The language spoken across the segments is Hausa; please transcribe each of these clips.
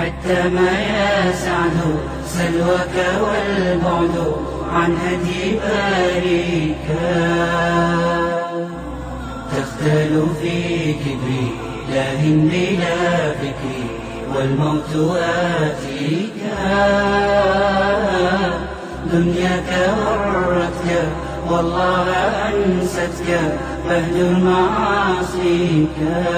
حتى ما يسعد سلوك والبعد عن هدي باريك تختل في كبري لا همي لا فكري والموت آتيك دنياك غرتك والله أنستك فهد معاصيك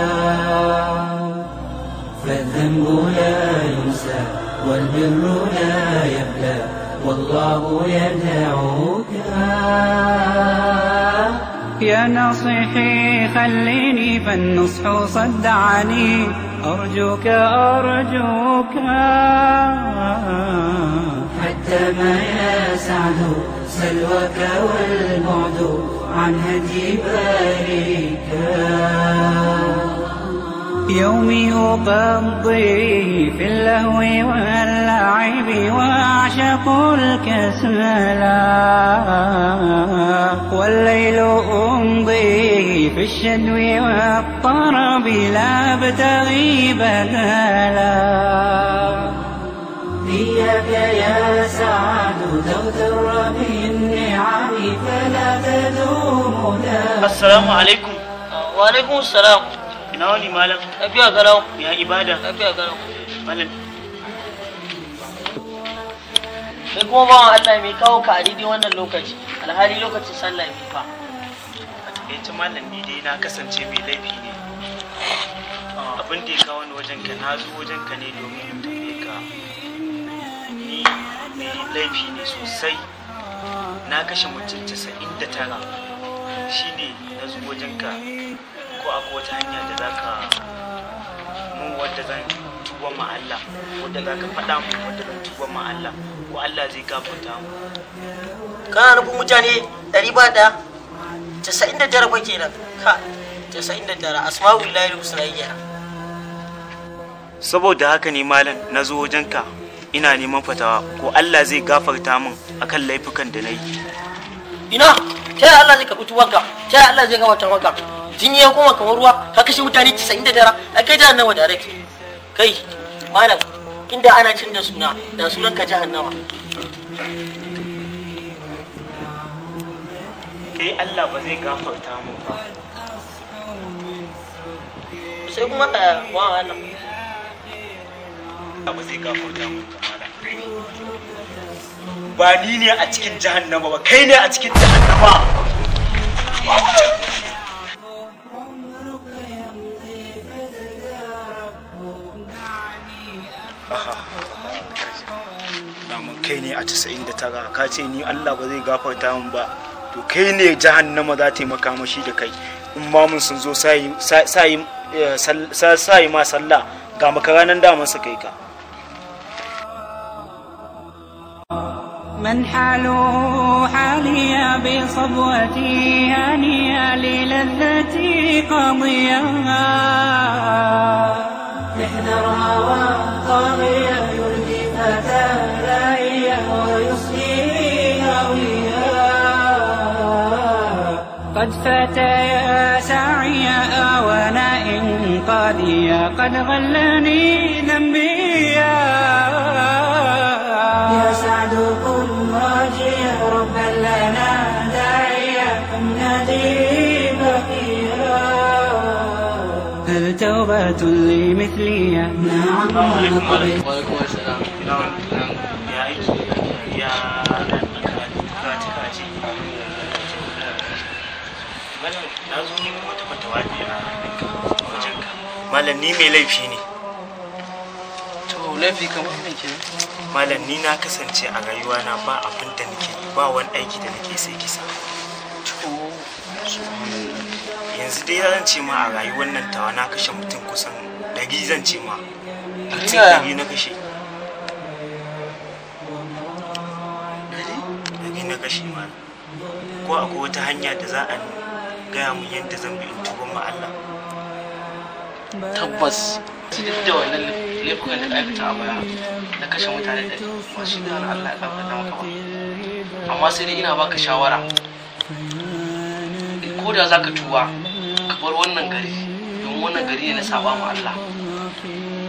فالذنب لا ينسى والبر لا يبلى والله يدعوك يا ناصحي خليني فالنصح صدعني أرجوك أرجوك حتى ما يسعد سلوك والبعد عن هدي بارئك يومي أقضي في اللهو واللعب وأعشق الكسلا والليل أمضي في الشدو والطرب لا أبتغي بدلا إياك يا سعد تغتر بالنعم فلا تدوم السلام عليكم وعليكم السلام Ina wani malam? Tafiya garau. Ya ibada? Tafiya garau. Malam. Sai kuma bawan Allah mai kawo ka a daidai wannan lokaci, alhali lokacin sallah mai fa. A takaice malam ni dai na kasance mai laifi ne. Ah, abin da ya kawo ni wajen ka na zo wajen ka ne domin in tambaye ka. Ni mai laifi ne sosai. Na kashe mutum casa'in tara. Shi ne na zo wajen ka ko akwai wata hanya da za ka mu wadda zan tuba ma Allah wadda za ka faɗa mu wadda zan tuba ma Allah ko Allah zai gafarta mu kana nufin mutane ɗari ba da casa'in da tara fa kenan ka casa'in da jara, asma'ul lahi husnayya saboda haka ne malam na zo wajenka ina neman fatawa ko Allah zai gafarta min akan laifukan da na yi ina ta Allah zai karɓi tuwanka ta Allah zai gafarta maka jini ya koma kamar ruwa ka kashe mutane 99 a kai jahannama da rake kai malam inda ana cin da suna da sunan ka jahannama Sai Allah ba zai gafarta mu ba sai kuma ka eh, wa Allah ba zai gafarta mu ba ni ne a cikin jahannama ba kai ne a cikin jahannama a tara ka ce ni Allah ba zai gafarta min ba to kai ne jahannama za ta yi makamashi da kai in ma mun sun zo sayi eh, ma sallah ga makaranan damar su kai ka من حاله حاليا بصبوتي هانيا للذتي قضيا احذر هوى طاغيا قد فات يا قد فتيا سعيا وانا قاضيا قد غلني ذنبي يا سعد قم راجيا ربا لنا داعيا كن نادي بقيا هل توبة لمثلي نعم نقبل gawar ya aiki ya kaci-kaci malam na zo neman wata fatawa ne a wajenka malam ni mai laifi ne to laifi kamar me kenan malam ni na kasance a rayuwa na ba abin da nake ba wani aiki da nake sai kisa yanzu dai zan ce ma a rayuwar nan tawa na kashe mutum kusan ɗari zan ce ma mutum ɗari na kashe kashe ma ko akwai wata hanya da za a gaya mun yadda zan bi in tuban ma Allah tabbas tunin da wannan laifukan da ka aikata a baya na kashe mutane da masu da Allah ya gafarta maka ba amma sai dai ina baka shawara ko da za ka tuba ka bar wannan gari domin wannan gari ne na saba ma Allah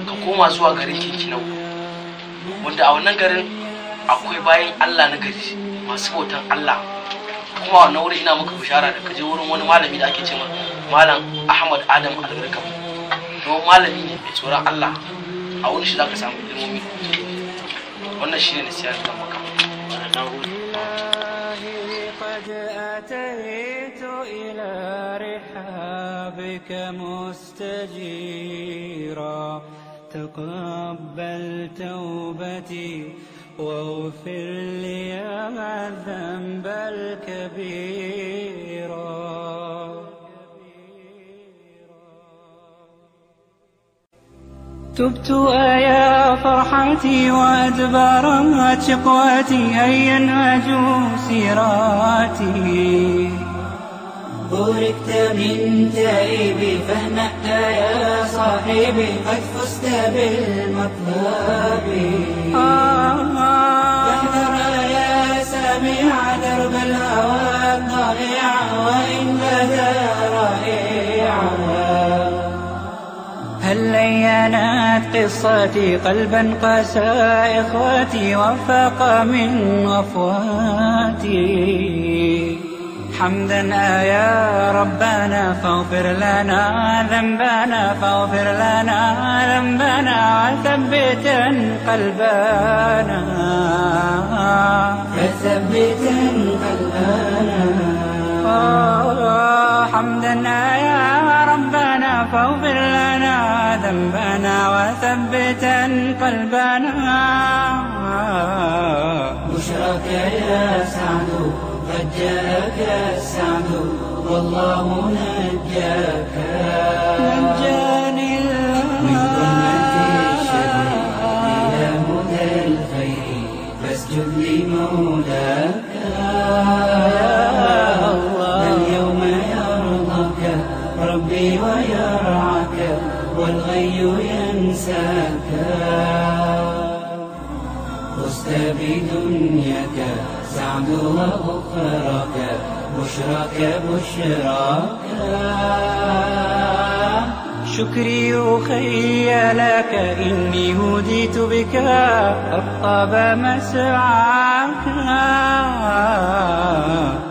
ka koma zuwa garin kinkinau wanda a wannan garin akwai bayan Allah na gari masu bautan Allah kuma wannan wuri ina maka bishara da kaje wurin wani malami da ake cewa malam Ahmad Adam Algarkam to malami ne mai tsoron Allah a wurin shi zaka samu ilmomi wannan shine nasiha da maka قد أتيت إلى رحابك مستجيرا تقبل توبتي واغفر لي الذنب الكبير تبت يا فرحتي وأدبرت شقوتي هيا أجوب سيراتي بوركت من تائبي فاهنأت يا صاحبي قد فزت بالمطلب فاحذر يا سامع درب الهوى الضائع وإن بدا رائعا هل لينت قصتي قلبا قسى إخوتي وفاق من غفواتي حمدا آه، يا ربنا فاغفر لنا ذنبنا فاغفر لنا ذنبنا وثبت قلبنا فثبت قلبنا آه، حمدا آه، يا ربنا فاغفر لنا ذنبنا وثبت قلبنا بشرك يا سعد قد جاءك السعد والله نجاك نجاني الله من ظلمة الشر إلى هدى الخير فاسجد لمولاك يا الله اليوم يرضاك ربي ويرعاك والغي ينساك فزت بدنياك سعد بكرك بشراك بشراك شكري أخي لك إني هديت بك أطاب مسعاك